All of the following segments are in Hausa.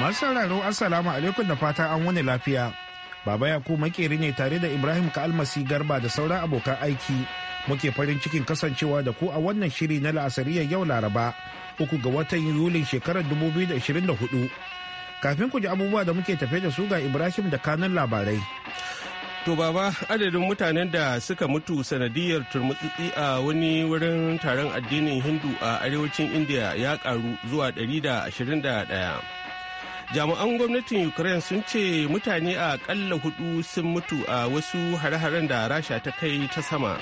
Masu sauraro Assalamu alaikum da fata an wani lafiya. Baba Yakubu makeri ne tare da Ibrahim ka almasi Garba da sauran abokan aiki. Muke farin cikin kasancewa da ku a wannan shiri na la'asariyar yau Laraba, uku ga watan Yulin shekarar 2024. Kafin ku ji abubuwa da muke tafe da su ga Ibrahim da kanun labarai. To baba adadin mutanen da suka mutu sanadiyar turmutsitsi a wani wurin taron addinin Hindu a arewacin India ya karu zuwa 121. jami'an gwamnatin ukraine sun ce mutane a ƙalla hudu sun mutu a wasu hare-haren da rasha ta kai ta sama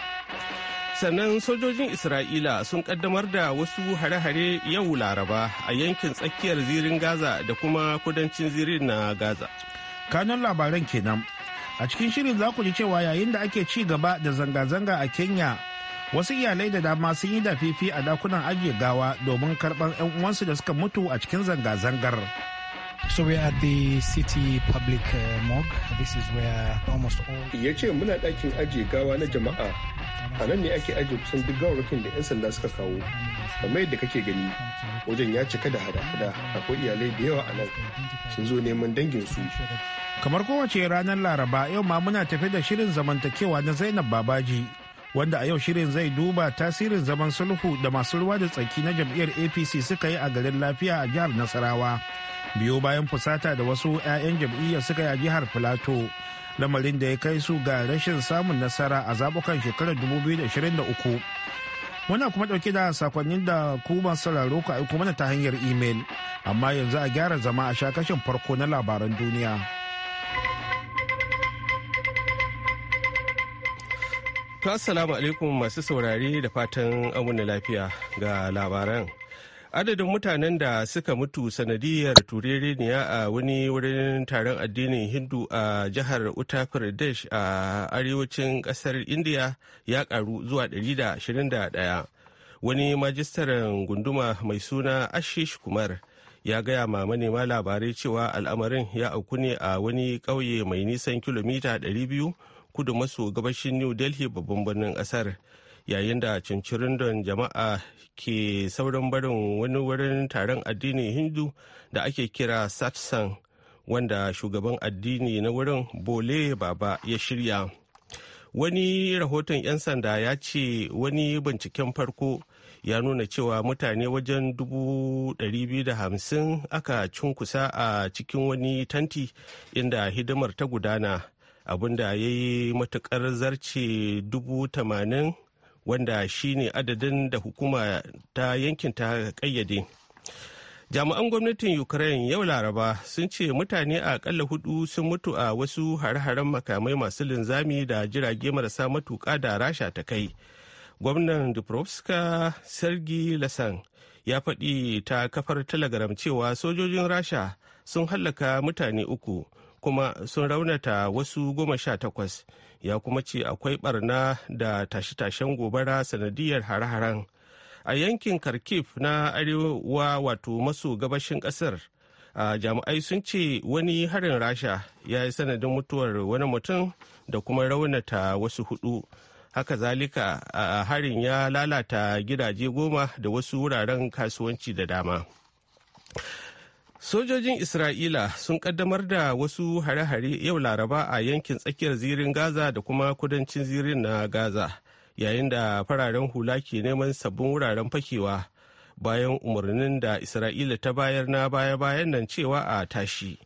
sannan sojojin isra'ila sun kaddamar da wasu hare-hare yau laraba a yankin tsakiyar zirin gaza da kuma kudancin zirin na gaza kanan labaran kenan a cikin shirin za ku ji cewa yayin da ake ci gaba da zanga-zanga a kenya wasu iyalai da dama sun yi dafifi a dakunan ajiye gawa domin karban 'yan uwansu da suka mutu a cikin zanga-zangar. So we are at the city public uh, morgue. This is where almost all. Ya ce muna ɗakin ajiye gawa na jama'a. A nan ne ake ajiye kusan duk gawarwakin da 'yan sanda suka kawo. Kamar yadda kake gani, wajen ya cika da hada-hada akwai iyalai da yawa a nan. Sun zo neman dangin su. Kamar kowace ranar Laraba, yau ma muna tafi da shirin zamantakewa na Zainab Babaji. wanda a yau shirin zai duba tasirin zaman sulhu da masu ruwa da tsaki na jam'iyyar apc suka yi a garin lafiya a jihar nasarawa biyo bayan fusata da wasu 'ya'yan jam'iyyar suka yi a jihar filato lamarin da ya kai su ga rashin samun nasara a zabukan shekarar 2023 muna kuma dauke da sakonnin da ku masu sauraro ku aiko mana ta hanyar imel amma yanzu a gyara zama a shakashin farko na labaran duniya assalamu alaikum masu saurari da fatan amuna lafiya ga labaran. adadin mutanen da suka mutu sanadiyar turereniya a wani wurin taron addinin hindu a jihar uttar pradesh a arewacin kasar indiya ya karu zuwa 121 wani majistaren gunduma mai suna ashish kumar ya gaya ma manema labarai cewa al'amarin ya auku ne a wani ƙauye mai nisan kilomita 200 kudu maso gabashin new delhi babban birnin ƙasar. kasar yayin da cincirindon jama'a ke saurin barin wani wurin taron addinin hindu da ake kira satsang wanda shugaban addini na wurin bole baba ya shirya wani rahoton 'yan sanda ya ce wani binciken farko ya nuna cewa mutane wajen 250 aka cunkusa a cikin wani tanti inda hidimar ta gudana abinda ya yi matukar zarce wanda shi ne adadin da hukuma ta yankin ta kayyade jami'an gwamnatin ukraine yau laraba sun ce mutane a akalla hudu sun mutu a wasu hare-haren makamai masu linzami da jirage marasa matuka da rasha ta kai gwamnan dubrovska sergi lasan ya faɗi ta kafar telegram cewa sojojin rasha sun hallaka mutane uku kuma sun raunata wasu goma sha takwas ya kuma ce akwai barna da tashe-tashen gobara sanadiyar hare-haren a yankin kharkiv na arewa wato maso gabashin kasar jami'ai sun ce wani harin rasha ya yi sanadin mutuwar wani mutum da kuma raunata wasu hudu haka zalika a harin ya lalata gidaje goma da wasu wuraren kasuwanci da dama Sojojin Isra'ila sun kaddamar da wasu hare-hare yau Laraba a yankin tsakiyar zirin Gaza da kuma kudancin zirin na Gaza, yayin da fararen hula ke neman sabbin wuraren fakewa bayan umarnin da Isra'ila ta bayar na baya-bayan nan cewa a tashi.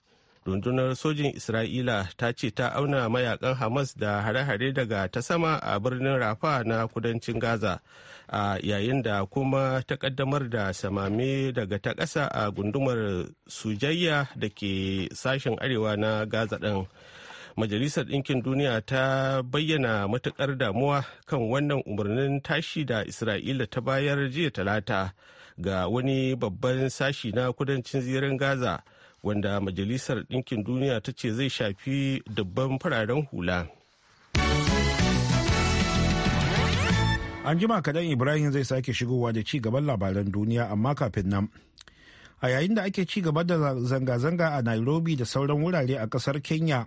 Rundunar sojin Isra'ila ta ce ta auna mayakan Hamas da hare-hare daga ta sama a birnin Rafa na kudancin Gaza a yayin da kuma ta kaddamar da samame daga ta ƙasa a gundumar sujayya da ke sashen arewa na gaza ɗin majalisar ɗinkin duniya ta bayyana matukar damuwa kan wannan umarnin tashi da isra'ila ta bayar jiya talata ga wani babban sashi na kudancin zirin gaza wanda majalisar ɗinkin duniya ta ce zai shafi dubban fararen hula. An jima kadan Ibrahim zai sake shigowa da ci gaban labaran duniya amma kafin nan. A yayin da ake ci gaba da zanga-zanga a Nairobi da sauran wurare a kasar Kenya,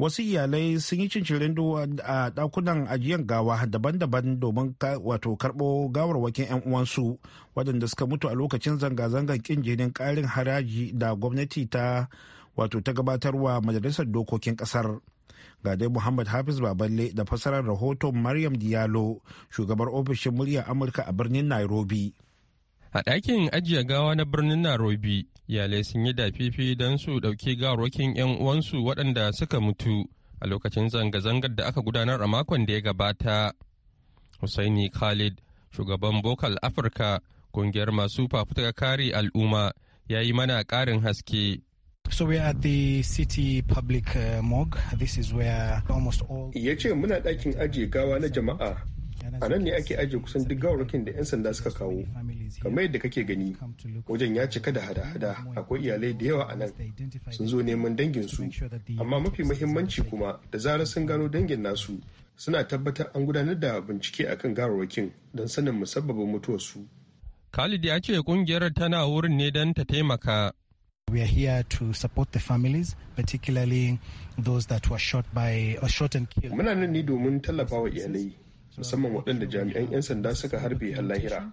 wasu iyalai sun yi cincirin a dakunan ajiyar gawa daban-daban domin wato karɓo gawarwakin 'yan uwansu waɗanda suka mutu a lokacin zanga-zangar kin jinin ƙarin haraji da gwamnati ta wato ta gabatarwa majalisar dokokin ƙasar. ga dai muhammad hafiz baballe da fasarar rahoton maryam diyalo shugabar ofishin murya amurka a birnin nairobi a ɗakin ajiye gawa na birnin nairobi iyalai sun yi dafifi don su ɗauki gawarwakin 'yan uwansu waɗanda suka mutu a lokacin zanga-zangar da aka gudanar a makon da ya gabata husaini khalid shugaban bokal afirka ƙungiyar masu fafutuka kare al'umma ya yi mana ƙarin haske So we are at the city public uh, morgue. This is where almost all. Ya ce muna dakin ajiye gawa na jama'a. A nan ne ake ajiye kusan duk gawarwakin da 'yan sanda suka kawo. Kamar yadda kake gani, wajen ya cika da hada-hada akwai iyalai da yawa a nan. Sun zo neman danginsu, amma mafi mahimmanci kuma da zarar sun gano dangin nasu suna tabbatar an gudanar da bincike akan gawarwakin don sanin musabbabin mutuwarsu. Khalid ya ce kungiyar tana wurin ne don ta taimaka We are here to support the families, particularly those that were shot by or uh, shot and killed. Muna nan ne domin tallafa wa iyalai, musamman waɗanda jami'an 'yan sanda suka harbe har lahira.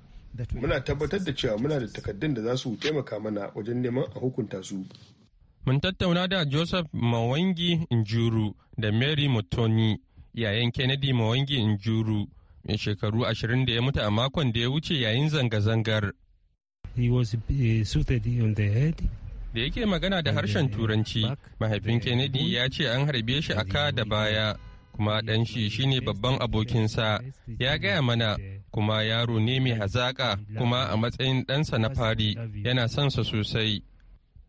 Muna tabbatar da cewa muna da takaddun da za su taimaka mana wajen neman a hukunta su. Mun tattauna da Joseph Mawangi Njuru da Mary Mutoni, yayan Kennedy Mawangi Njuru, mai shekaru ashirin da ya mutu a makon da ya wuce yayin zanga-zangar. He was uh, the head da yake magana da harshen turanci mahaifin kennedy ya ce an harbe shi a ka da baya kuma dan shi shine babban abokinsa ya gaya mana kuma yaro ne mai hazaƙa kuma a matsayin ɗansa na fari yana son sa sosai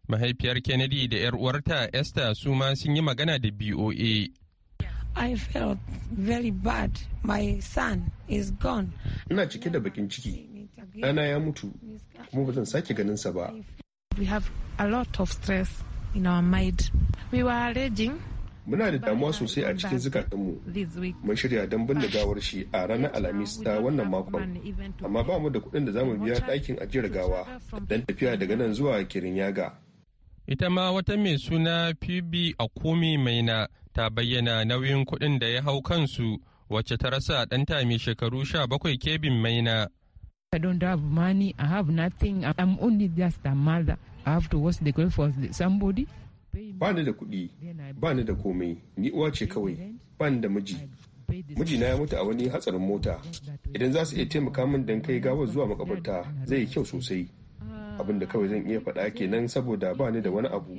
mahaifiyar kennedy da 'yar uwarta esther su ma sun yi magana da boa I felt very bad. My son is gone. Ina cike da bakin ciki. Ɗana ya mutu, kuma ba zan sake ganinsa ba. We have a of stress in our mind. We were Muna da damuwa sosai a cikin zukatanmu. Mun shirya don binne ah, gawar shi a ranar Alhamis ta wannan makon. Amma ba mu da kuɗin da za mu biya ɗakin ajiyar gawa don tafiya daga nan zuwa kirin Ita ma wata mai suna Phoebe Akumi Maina ta bayyana nauyin kuɗin da ya hau kansu wacce ta rasa ɗanta mai shekaru sha kebin Maina. I don't have money. I have nothing. I'm only just a mother. I have to wash the clothes for somebody. Ba ni da kuɗi, ba ni da komai, ni uwa ce kawai, ba ni da miji. miji na ya mutu a wani hatsarin mota. Idan za su iya taimaka min don kai gawar zuwa makabarta zai yi kyau sosai. Ah. Abin da kawai zan iya faɗa kenan saboda ba ni da wani abu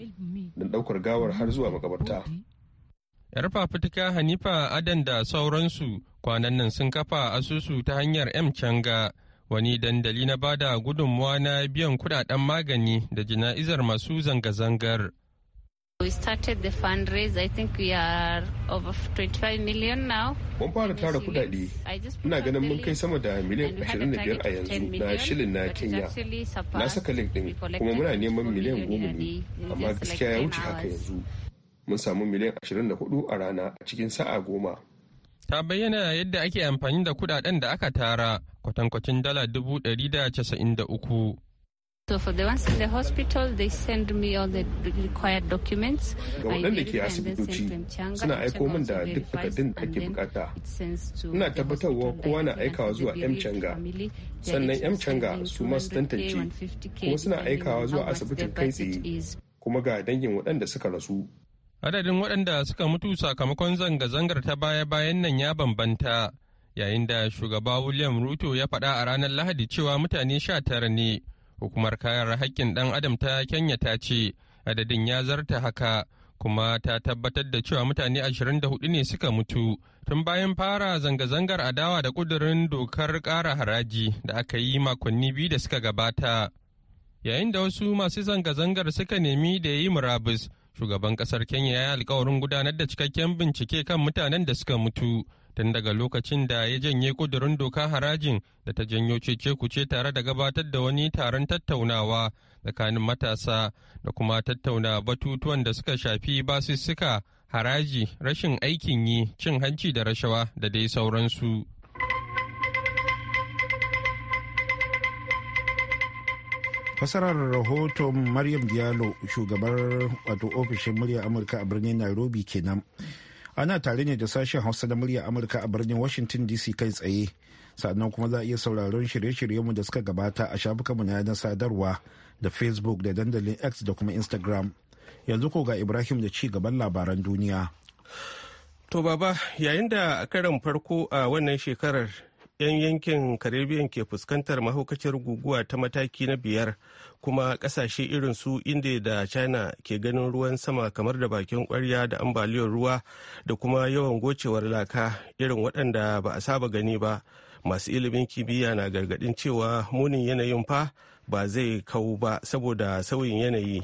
don ɗaukar gawar har zuwa makabarta. Yar fafutuka Hanifa Adan da sauransu kwanan nan sun kafa asusu ta hanyar M Changa. wani dandali na bada gudunmuwa na biyan kudaden magani da jana'izar masu zanga-zangar. We started the fundraise. I think we are over 25 million now. Mun fara tara kudade. Ina ganin mun kai sama da miliyan 25 a yanzu na shilin na Kenya. Na saka link din kuma muna neman miliyan 10 ne. Amma gaskiya ya wuce haka yanzu. Mun samu miliyan 24 a rana a cikin sa'a goma. ta bayyana yadda ake amfani da kudaden da aka tara kwatankwacin dala dubu ɗari da casa'in da uku. So for the ones in the hospital, they send me all the required documents. Ga waɗanda ke asibitoci suna aiko min da duk takardun da ake bukata. Ina tabbatarwa kowa na aikawa zuwa Mchanga. Sannan Mchanga su masu tantance kuma suna aikawa zuwa asibitin kai tsaye kuma ga dangin waɗanda suka rasu. Adadin waɗanda suka mutu sakamakon zanga-zangar ta baya-bayan nan ya bambanta, yayin da shugaba William Ruto ya faɗa a ranar Lahadi cewa mutane sha tara ne. Hukumar kayan haƙƙin ɗan Adam ta Kenya ta ce adadin ya zarta haka, kuma ta tabbatar da cewa mutane ashirin da hudu ne suka mutu tun bayan fara zanga-zangar adawa da ƙudurin dokar ƙara haraji da aka yi makonni biyu da suka gabata. Yayin da wasu masu zanga-zangar suka nemi da yi murabus. shugaban kasar kenya ya yi alkawarin gudanar da cikakken bincike kan mutanen da suka mutu tun daga lokacin da ya janye kudurin doka harajin da ta janyo cece-kuce tare da gabatar da wani taron tattaunawa tsakanin matasa da kuma tattauna batutuwan da suka shafi basussuka haraji rashin aikin yi cin hanci da rashawa da dai sauransu fasarar rahoton maryam diallo shugabar wato ofishin murya amurka a birnin nairobi kenan ana tare ne da sashen hausa na murya amurka a birnin washington dc kai tsaye sannan kuma za a iya sauraron shirye-shiryenmu da suka gabata a mu na yanar sadarwa da facebook da dandalin x da kuma instagram yanzu ko ga ibrahim da ci gaban labaran duniya to baba yayin da a karan farko a wannan shekarar 'yan yankin caribbean ke fuskantar mahaukaciyar guguwa ta mataki na biyar kuma kasashe irin su india da china ke ganin ruwan sama kamar da bakin kwarya da ambaliyar ruwa da kuma yawan gocewar laka irin waɗanda ba a saba gani ba masu ilimin kimiyya na gargaɗin cewa munin yanayin fa ba zai kau ba saboda sauyin yanayi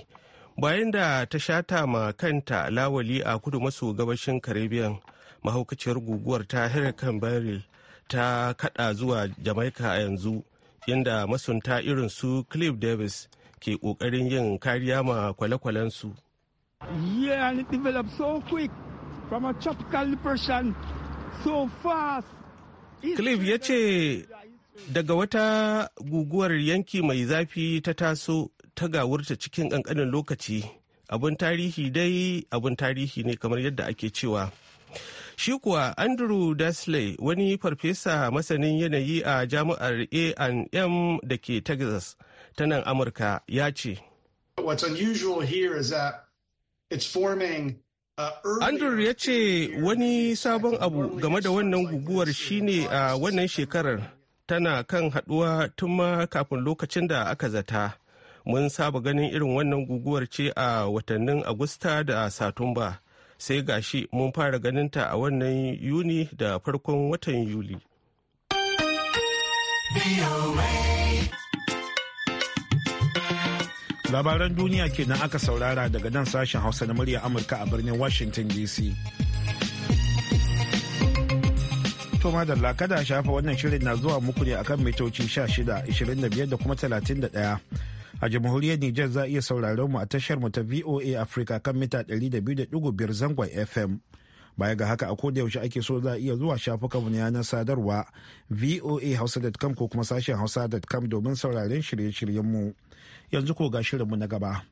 bayan da ta shata ma kanta lawali a kudu maso gabashin caribbean mahaukaciyar guguwar ta hurricane beryl ta kada zuwa jamaica a yanzu inda masunta irin su cliff davis ke kokarin yin kariya ma kwale-kwalensu cliff ya ce daga wata guguwar yanki mai zafi ta taso ta gawurta cikin kankanin lokaci abun tarihi dai abun tarihi ne kamar yadda ake cewa Shi kuwa Andrew Dasley wani farfesa masanin yanayi a jami'ar A&M da ke Texas ta nan Amurka ya ce. Uh, Andrew ya ce wani sabon abu game da wannan guguwar shine a wannan shekarar tana kan haduwa tun ma kafin lokacin da aka zata. Mun saba ganin irin wannan guguwar ce a watannin Agusta da Satumba. sai gashi mun fara ganin ta a wannan yuni da farkon watan yuli labaran duniya kenan aka saurara daga nan sashen hausa na murya amurka a birnin washington dc to da kada shafa wannan shirin na zuwa muku ne akan mitoci 16 25 da kuma 31 A jamhuriyar Nijar za a iya sauraron mu a tashar mu ta VOA Africa kan mita 200.5 zangon FM. Baya ga haka a koda yaushe ake so za a iya zuwa shafukan mu yanar sadarwa voahausa.com ko kuma sashen hausa.com domin sauraron shirye-shiryen mu. Yanzu ko ga shirinmu na gaba.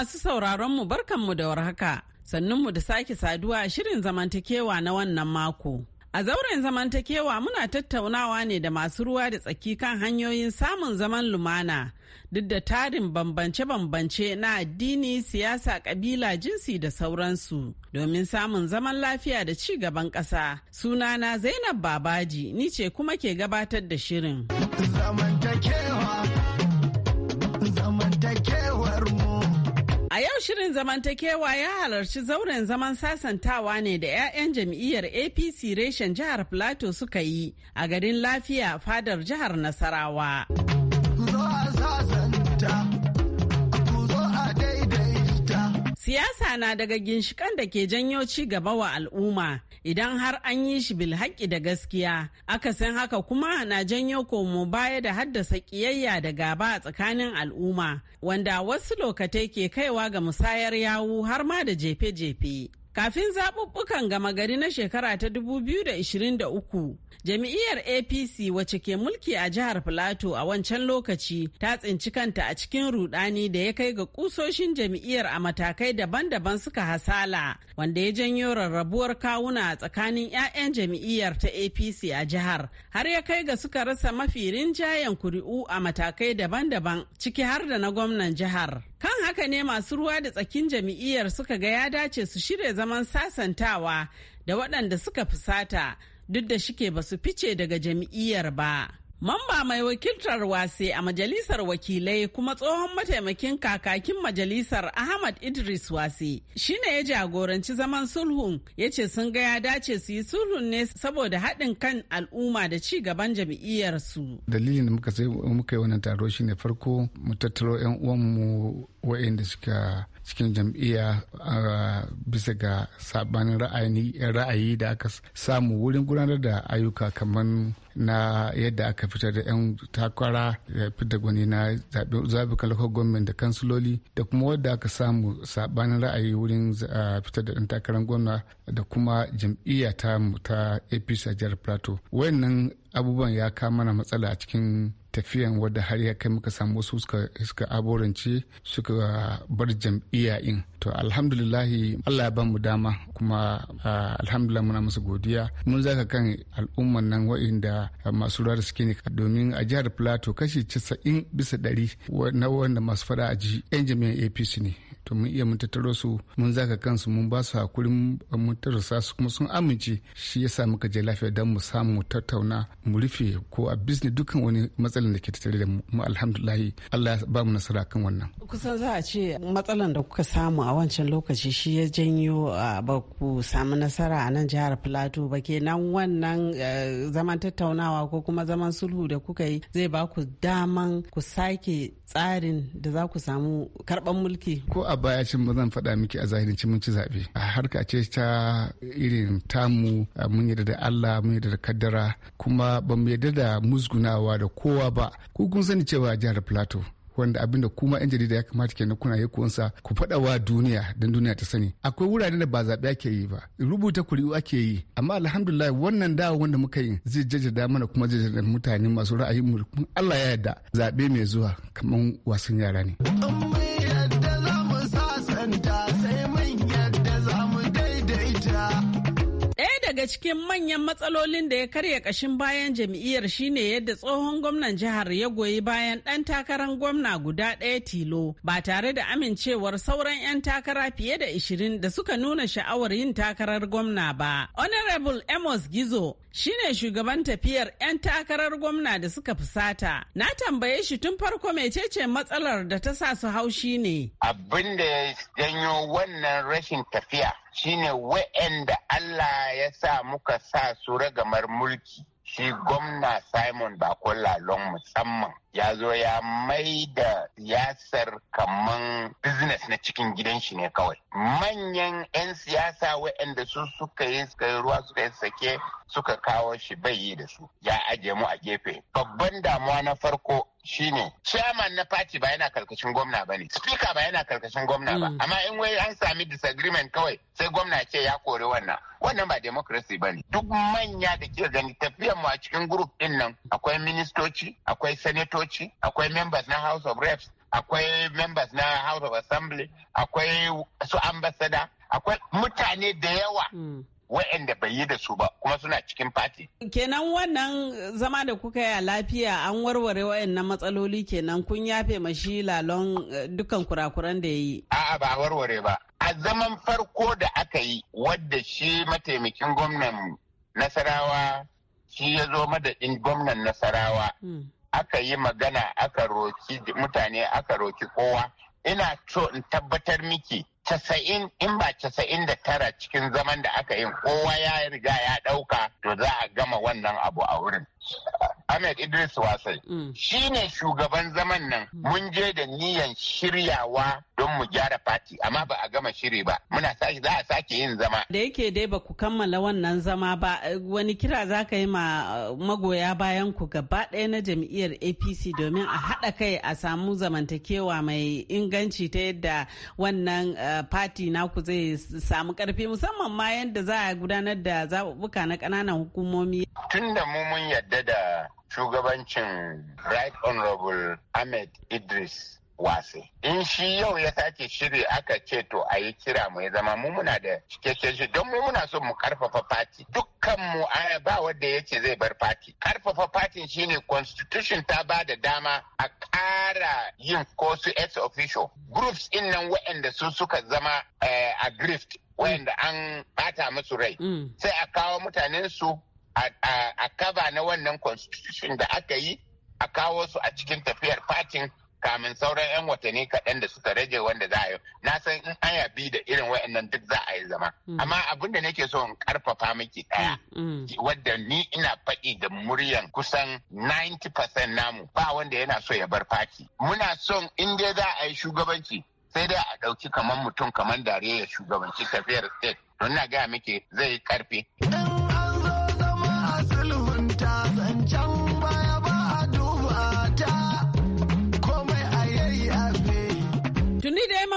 masu sauraron sauraronmu barkanmu da warhaka. Sannunmu da sake saduwa a shirin zamantakewa na wannan mako. A zauren zamantakewa muna tattaunawa ne da masu ruwa da tsaki kan hanyoyin samun zaman lumana duk da tarin bambance-bambance na addini, siyasa, kabila, jinsi da sauransu domin samun zaman lafiya da ci gaban ƙasa. Sunana Zainab Babaji ni ce kuma ke gabatar da shirin. A yau shirin zamantakewa ya halarci zauren zaman sasantawa ne da 'ya'yan jam'iyyar APC reshen jihar Plateau suka yi a garin lafiya fadar jihar Nasarawa. Siyasa na daga ginshikan da ke janyo ci gaba wa al'umma idan har an yi shi bilhaƙi da gaskiya. aka san haka kuma na janyo komo baya da haddasa ƙiyayya da gaba a tsakanin al'umma wanda wasu lokatai ke kaiwa ga musayar yawu har ma da jefe-jefe. Kafin zaɓuɓɓukan gama gari na shekara ta 2023, jami'iyar APC wacce ke mulki a jihar Filato a wancan lokaci ta tsinci kanta a cikin rudani da ya kai ga kusoshin jami'iyar a matakai daban-daban suka hasala, wanda ya janyo rarrabuwar kawuna a tsakanin 'ya'yan jami'iyar ta APC a jihar, har ya kai ga suka rasa mafi rinjayen kuri'u a matakai daban-daban ciki har da na gwamnan jihar. Kan haka ne masu ruwa da tsakin jami'iyyar suka ga ya dace su shirya zaman sasantawa da waɗanda suka fusata duk da shike ba su fice daga jami'iyyar ba. Mamba mai wakiltar wase a majalisar wakilai kuma tsohon mataimakin kakakin majalisar Ahmad Idris wase shi ne ya jagoranci zaman sulhun ya ce sun ga ya dace su yi sulhun ne saboda haɗin kan al'umma da ci gaban jam'iyyarsu. Dalilin da muka sai muka yi wannan taro shine farko mu tattaro 'yan uwanmu wa'inda suka cikin jam'iyya bisa ga sabanin ra'ayi da aka samu wurin gudanar da ayyuka kamar na yadda aka fitar da 'yan takwara da fitar gwani na zaɓukan local government da kansuloli da kuma wadda aka samu sabanin ra'ayi wurin fitar da yan takarar gwamna da kuma jam'iyya ta apc a jihar plateau wayannan abubuwan ya kama mana matsala a cikin tafiyan wadda har ya kai muka samu wasu suka aborance suka bar jam'iyya in to alhamdulillahi allah ya bamu dama kuma alhamdulillah muna musu godiya mun zaka kan al'umman nan wa'inda masu ruwa da suke ne domin a jihar plateau kashi 90 bisa 100 na wanda masu fada a ji yan jami'an apc ne to mun iya mun tattaro su mun zaka kansu mun ba su hakurin eh, mun tarasa su kuma sun amince shi ya yasa muka je lafiya don mu samu tattauna mu rufe ko a business dukkan wani matsalan da ke tattare da mu mu alhamdulahi Allah ya ba mu nasara kan wannan kusan za a ce matsalan da kuka samu a wancan lokaci shi ya janyo ba ku samu nasara a nan jihar Plateau ba kenan wannan eh, zaman tattaunawa ko kuma zaman sulhu da kuka yi zai ba ku daman ku sake tsarin da za ku samu karban mulki ko a baya cin ba zan faɗa miki a zahirinci mun ci zaɓe a harka ce ta irin tamu mun yarda da Allah mun yarda da kaddara kuma ba mu yarda da musgunawa da kowa ba ku kun sani cewa jihar Plateau wanda abinda kuma yan jarida ya kamata kenan kuna yi kunsa ku faɗa wa duniya don duniya ta sani akwai wurare da ba zaɓe ake yi ba rubuta kuri'u ake yi amma alhamdulillah wannan dawa wanda muka yi zai jajjada mana kuma jajjada mutane masu ra'ayin mu Allah ya yarda zaɓe mai zuwa kamar wasan yara ne. daga cikin manyan matsalolin da ya karya kashin bayan jam'iyyar shine yadda tsohon gwamnan jihar ya goyi bayan ɗan takarar gwamna guda ɗaya tilo ba tare da amincewar sauran 'yan takara fiye da 20 da suka nuna sha'awar yin takarar gwamna ba. Honorable Amos Gizo shine shugaban tafiyar 'yan takarar gwamna da suka fusata. Na tambaye shi tun farko mecece matsalar da ta sa su haushi ne. Abin da ya janyo wannan rashin tafiya shine wa'anda Allah ya sa muka sa su ragamar mulki shi gwamna Simon Bakola Long musamman ya zo ya mai da siyasar kaman business na cikin gidan shi ne kawai. Manyan 'yan siyasa wa'anda su suka yi suka yi ruwa suka yi sake suka kawo shi bai yi da su ya ajiye mu a gefe. Babban damuwa na farko shine chairman na party ba yana karkashin gwamna ba ne speaker ba yana karkashin gwamna ba mm. amma in wai an sami disagreement kawai sai gwamna ce ya kore wannan wannan ba democracy ba duk manya da ke gani tafiyan mu a cikin group din nan akwai ministoci akwai senatoci akwai members na house of reps akwai members na house of assembly akwai su ambassador akwai mutane da yawa mm. waɗanda bai yi da su ba kuma suna cikin fati. Kenan wannan zama da kuka yi a lafiya an warware waɗannan matsaloli kenan kun yafe mashi lalon eh, dukkan kurakuran da ya yi. A'a ba warware ba. A zaman farko da aka yi wadda shi mataimakin gwamnan Nasarawa shi ya zo madadin gwamnan Nasarawa. Hmm. Aka yi magana aka roki mutane aka roki kowa. Ina so in tabbatar miki casa'in in ba casa'in da tara cikin zaman da aka yi kowa ya riga ya ɗauka to za a gama wannan abu a wurin. Ahmed Idris Wasai mm. shi ne shugaban zaman nan mm. mun je da niyan shiryawa don mu gyara fati amma ba a gama shiri ba muna sake za a sake yin zama. Da yake dai ba ku kammala wannan zama ba wani kira za ka yi ma uh, magoya bayan ku gaba ɗaya na jam'iyyar APC domin a haɗa kai a samu zamantakewa mai inganci ta yadda wannan uh, fati naku zai samu karfi musamman ma yadda za a gudanar da zaɓuɓɓuka na ƙananan hukumomi. Tun da mu mun yadda da shugabancin Right Honorable Ahmed Idris watsi in shi yau ya sake shiri aka ce to a yi kira mai zama mu muna da cikakken shi don mu muna so mu karfafa fati dukkan mu ba wanda ya ce zai bar fati karfafa fatin shine constitution ta ba da dama a kara yin ko su ex official groups in nan waɗanda su suka zama eh, a grift wa'anda an bata musu rai mm. Mm. sai a kawo mutanen su a kaba na wannan constitution da aka yi a kawo su a cikin tafiyar fatin kamin sauran 'yan watanni kaɗan da suka rage wanda za a yi na san in an bi da irin wa'annan duk za a yi zama mm. amma abin da nake so in karfafa miki ɗaya mm, mm. wadda ni ina faɗi da muryan kusan 90% namu ba wanda yana so ya bar faki. muna son in dai za a yi shugabanci sai dai a ɗauki kamar mutum kamar dariya ya shugabanci tafiyar state don na gaya miki zai yi karfe.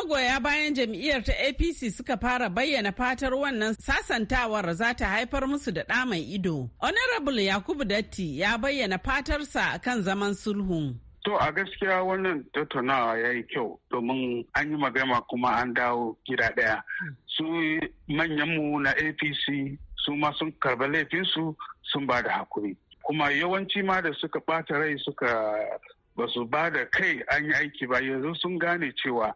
magoya bayan jam'iyyar ta apc suka fara bayyana fatar wannan sasantawar za ta haifar musu da ɗa mai ido honorable yakubu datti ya bayyana fatarsa kan zaman sulhun To a gaskiya wannan tattaunawa ya yi kyau domin an yi magana kuma an dawo gida ɗaya. Su manyanmu na APC su ma sun karba laifinsu sun ba da hakuri. Kuma yawanci ma da suka ɓata rai suka ba su ba da kai an yi aiki ba yanzu sun gane cewa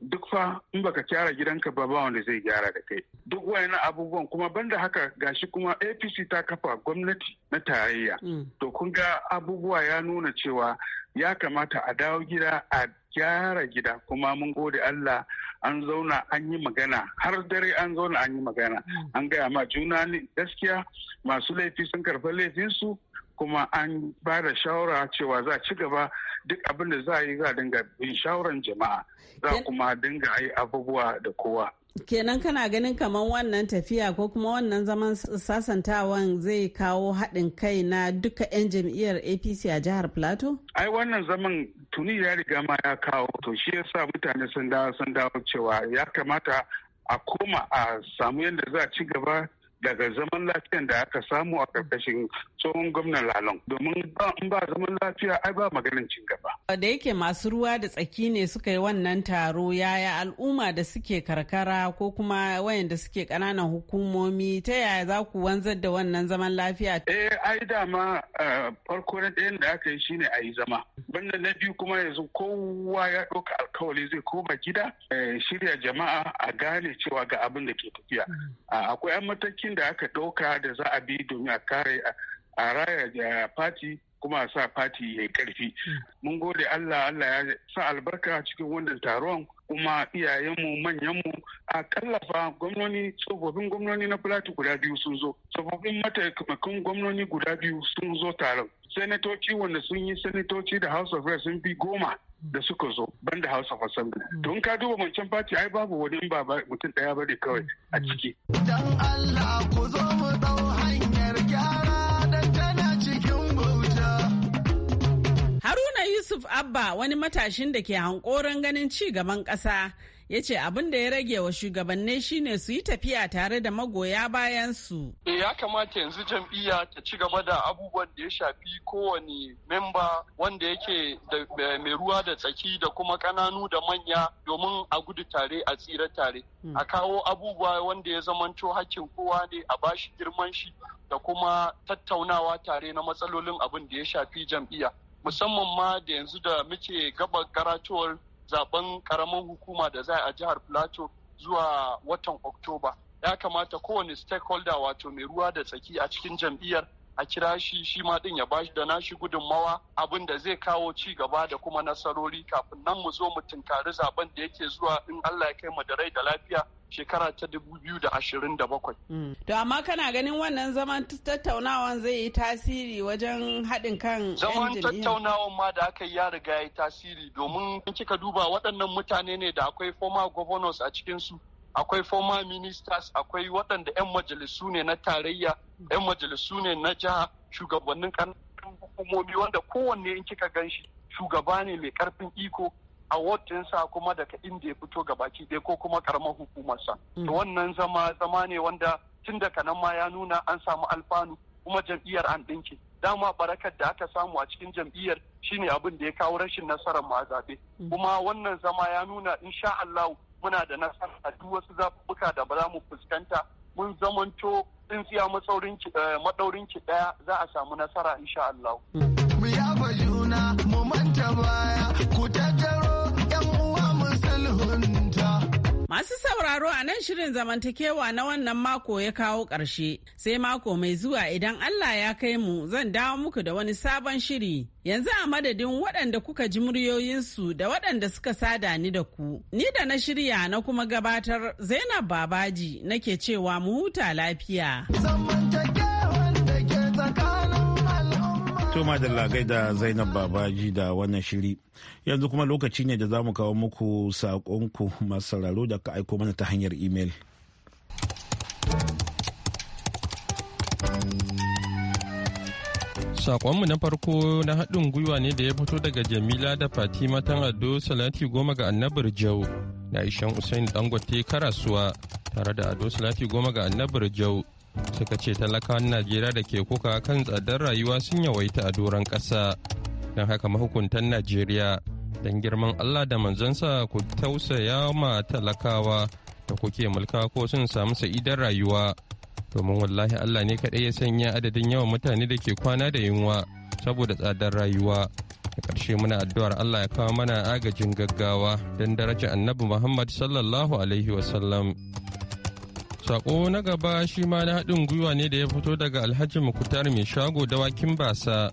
duk fa in baka gyara gidanka ba ba wanda zai gyara da kai duk wayannan abubuwan kuma banda haka gashi kuma apc ta kafa gwamnati na tarayya mm. to kun ga abubuwa ya nuna cewa ya kamata a dawo gida a gyara gida kuma mun gode Allah an zauna an yi magana har dare an zauna an yi magana mm. an gaya ma juna ne gaskiya masu laifi sun karfa su. kuma an ba da shawara cewa za ci gaba duk abin da za a yi za a dinga bin shawaran jama'a za kuma dinga yi abubuwa da kowa kenan kana ganin kamar wannan tafiya ko kuma wannan zaman sasantawan zai kawo haɗin kai na duka 'yan jam'iyyar apc a jihar plateau ai wannan zaman tuni ya riga ma ya kawo to shi yasa mutane sun dawo sun dawo cewa ya kamata a koma a samu yadda za a ci gaba daga zaman lafiyan da aka samu a ƙarƙashin tsohon gwamnan lalon domin ba zaman lafiya ai ba maganin cin gaba da yake masu ruwa da tsaki ne suka yi wannan taro yaya al'umma da suke karkara ko kuma wayanda suke ƙananan hukumomi ta yaya za ku wanzar da wannan zaman lafiya? Eh ai dama eh, farko na ɗayan da aka yi shine a yi zama. Banda na biyu kuma yanzu kowa ya ɗauka alkawali zai koma gida eh, shirya jama'a a gane cewa ga abin da ke tafiya. Akwai an matakin da aka ɗauka da za a bi domin a kare a raya eh, fati kuma a sa fati ya yi karfi hmm. mun gode allah allah ya sa albarka cikin wannan taron kuma iyayenmu manyanmu a kallafa gwamnoni tsofaffin gwamnoni na fulati guda biyu sun zo tsofaffin mataimakan gwamnoni guda biyu sun zo taron sanatoci wanda sun yi sanatoci da house of reps sun fi goma da hmm. suka zo ban da house of assembly hmm. don ka duba mancan fati ai babu wani ba mutum daya bane kawai a ciki Allah ku zo Yusuf Abba wani matashin da ke hankoron ganin ci gaban kasa ya ce abin da ya rage wa shugabanni shine su yi tafiya tare da magoya bayansu. su. ya kamata yanzu jam'iyya ta ci gaba da abubuwan da ya shafi kowane memba wanda yake da mai ruwa da tsaki da kuma kananu da manya domin a gudu tare a tsira tare. Hmm. A kawo abubuwa wanda ya zamanto hakkin kowa ne a bashi girman shi da kuma tattaunawa tare na matsalolin abin da ya shafi jam'iyya. musamman ma da yanzu da muke gaba karatuwar zaben karamin hukuma da za a jihar plateau zuwa watan oktoba ya kamata kowane stakeholder wato mai ruwa da tsaki a cikin jam'iyyar a kira shi shi ma din ya bashi da nashi gudunmawa abin da zai kawo ci gaba da kuma nasarori kafin nan mu zo mu tunkari zaben da yake zuwa in Allah ya kai mu da rai da lafiya shekara ta dubu biyu da da bakwai. Mm. To amma kana ganin wannan zaman tattaunawan zai yi tasiri wajen haɗin kan Zaman tattaunawan ma da aka yi ya riga ya yi tasiri domin kika duba waɗannan mutane ne da akwai former governors a cikinsu. akwai former ministers akwai waɗanda 'yan majalisu ne na tarayya 'yan majalisu ne na jiha shugabannin ƙananan hukumomi wanda kowanne in kika ganshi shugaba ne mai ƙarfin iko award sa kuma daga inda ya fito ga baki ɗaya ko kuma karamar hukumarsa. Mm. To wannan zama zama ne wanda tun daga nan ma ya nuna an samu alfanu kuma jam'iyyar an ɗinke. Dama barakar da aka samu a cikin jam'iyyar shine abin da ya kawo rashin nasarar ma zaɓe. Mm. Kuma wannan zama ya nuna insha Allah muna da nasara a duk wasu zaɓuɓɓuka da ba za mu fuskanta mun zamanto tsintsiya eh, maɗaurin ki ɗaya za a samu nasara insha Allah. Mm. Mu yaba juna mu manta baya ku ta Masu sauraro a nan shirin zamantakewa na wannan mako ya kawo ƙarshe, sai mako mai zuwa idan Allah ya kai mu zan dawo muku da wani sabon shiri. Yanzu a madadin waɗanda kuka ji muryoyinsu da waɗanda suka sada ni da ku. Ni da na shirya na kuma gabatar Zainab Babaji nake cewa mu huta lafiya. Toma da lagai da Zainab Babaji da wannan shiri. Yanzu kuma lokaci ne da za mu kawo muku saƙonku masu sauraro da ka aiko mana ta hanyar imel. saƙonmu na farko na haɗin gwiwa ne da ya fito daga Jamila da Fatima tan Ado Salati goma ga annabar Jau na Aishan Usain Dangote Karasuwa tare da Ado Salati goma ga annabar Jau suka ce talakawan najeriya da ke kuka kan tsadar rayuwa sun yawaita a doron ƙasa don haka mahukuntan najeriya don girman allah da manzansa ku tausaya ma talakawa da kuke mulka ko sun samu sa'idar rayuwa domin wallahi allah ne kaɗai ya sanya adadin yawan mutane da ke kwana da yunwa saboda tsadar rayuwa da ƙarshe muna addu'ar allah ya kawo mana agajin gaggawa don darajar annabi muhammad sallallahu alaihi wasallam Sako na gaba shi ma na haɗin gwiwa ne da ya fito daga Alhaji Mukutar mai shago dawakin basa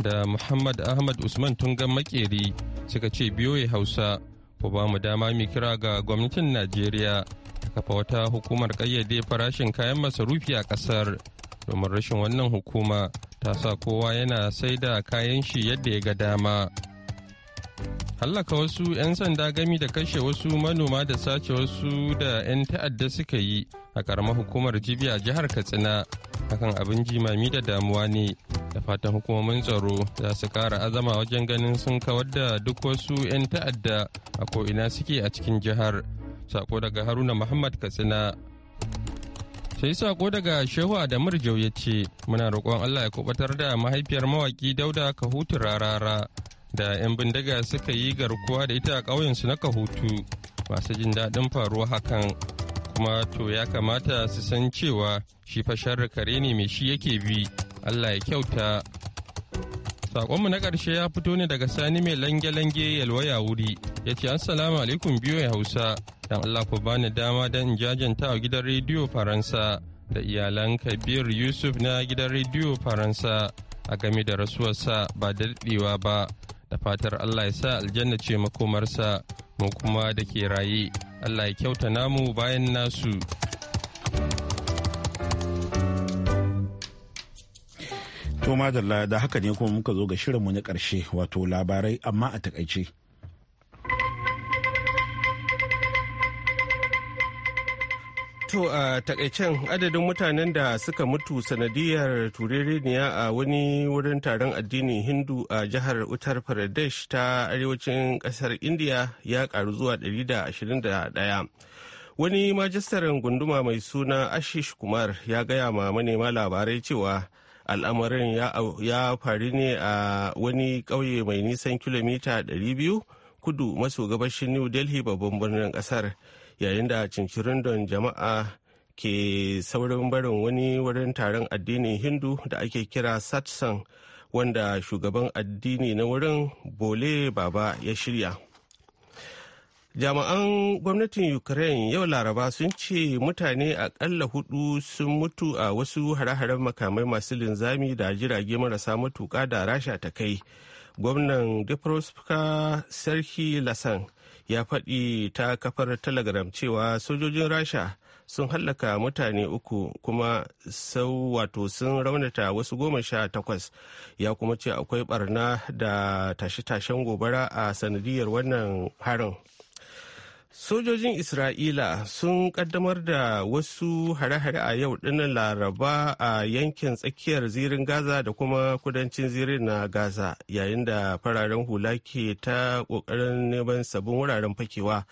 da Muhammad Ahmad Usman Tungan Makeri suka ce biyoye Hausa ko ba mu dama mai kira ga gwamnatin Najeriya ta kafa wata hukumar ƙayyade farashin kayan masarufi a ƙasar domin rashin wannan hukuma ta sa kowa yana sai da kayan shi yadda ya ga dama hallaka wasu 'yan sanda gami da kashe wasu manoma da sace wasu da 'yan ta'adda suka yi a karamar hukumar jibiya jihar katsina hakan abin jimami da damuwa ne da fatan hukumomin tsaro za su kara azama wajen ganin sun kawar da duk wasu 'yan ta'adda a ko'ina suke a cikin jihar sako daga haruna muhammad katsina sai sako daga shehu Adamu jau ya ce muna roƙon allah ya kubatar da mahaifiyar mawaki dauda kahutu rarara da 'yan bindiga suka yi garkuwa da ita a ƙauyensu na kahutu masu jin daɗin faruwa hakan kuma to ya kamata su san cewa shi fashar kare ne mai shi yake bi allah ya kyauta saƙonmu na ƙarshe ya fito ne daga sani mai lange-lange yalwaya wuri ya ce assalamu alaikum biyo ya hausa don allah ku bani dama don in jajanta a gidan rediyo faransa da iyalan kabir yusuf na gidan rediyo faransa a game da rasuwarsa ba daɗewa ba da fatar Allah ya sa aljanna ce makomarsa mu kuma da ke raye Allah ya kyauta namu bayan nasu. To madalla da haka ne kuma muka zo ga shirinmu na ƙarshe wato labarai amma a takaice. To a takaicen adadin mutanen da suka mutu sanadiyar turereniya a wani wurin taron addinin Hindu a jihar Uttar Pradesh ta arewacin kasar indiya ya karu zuwa 121. Wani majistaren gunduma mai suna Ashish Kumar ya gaya ma manema labarai cewa al'amarin ya faru ne a wani ƙauye mai nisan kilomita 200 kudu maso gabashin New Delhi babban birnin ƙasar. kasar. yayin da cincirindon jama'a ke saurin barin wani wurin taron addinin hindu da ake kira satsang wanda shugaban addini na wurin bole baba ya shirya jami'an gwamnatin ukraine yau laraba sun ce mutane akalla hudu sun mutu a wasu hare-haren makamai masu linzami da jirage marasa matuka da rasha ta kai gwamnan diprovska sarki lasan ya faɗi ta kafar telegram cewa sojojin rasha sun hallaka mutane uku kuma sau wato sun raunata wasu goma sha takwas ya kuma ce akwai barna da tashe-tashen gobara a sanadiyar wannan harin. Sojojin Isra'ila sun kaddamar da wasu hare-hare a yau din Laraba a yankin tsakiyar zirin Gaza da kuma kudancin zirin na Gaza yayin da fararen hula ke ta kokarin neman sabbin wuraren fakewa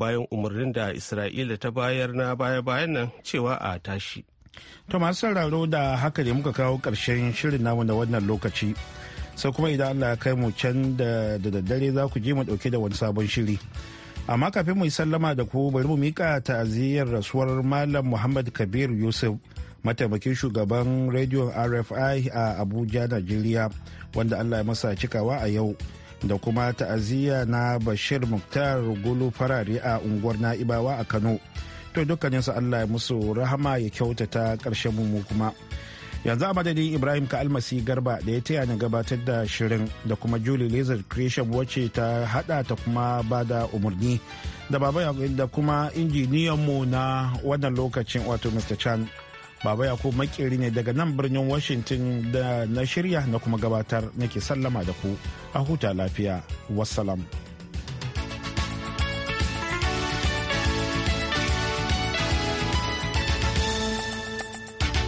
bayan umarnin da Isra'ila ta bayar na baya-bayan nan cewa a tashi. To masu sauraro da haka ne muka kawo ƙarshen shirin namu na wannan lokaci. Sai kuma idan Allah ya kai mu can da daddare za ku je mu ɗauke da wani sabon shiri. amma kafin mu yi sallama da ku bari mu mika ta'aziyar rasuwar malam muhammad kabir yusuf mataimakin shugaban rediyon rfi a abuja najeriya wanda allah ya masa cikawa a yau da kuma ta'aziyya na bashir muktar gulu farare a unguwar na'ibawa a kano to dukkaninsu allah ya musu rahama ya kyautata ƙarshen mu kuma yanzu a madadin ibrahim ka almasi garba da ya taya ni gabatar da shirin da kuma julie lizard creation wacce ta hada ta kuma ba da umarni da baba da kuma injiniyanmu na wannan lokacin wato mr chan baba yakub makeri ne daga nan birnin washington da na shirya na kuma gabatar nake sallama da ku a huta lafiya wassalam.